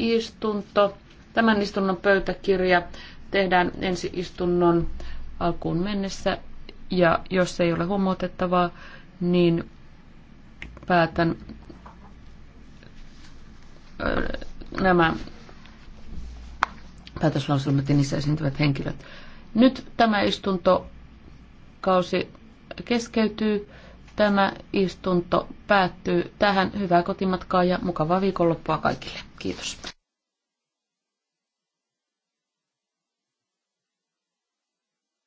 istunto. Tämän istunnon pöytäkirja tehdään ensi istunnon alkuun mennessä ja jos ei ole huomautettavaa, niin päätän äh, nämä päätöslauselmat ja niissä esiintyvät henkilöt. Nyt tämä istuntokausi keskeytyy. Tämä istunto päättyy tähän. Hyvää kotimatkaa ja mukavaa viikonloppua kaikille. Kiitos.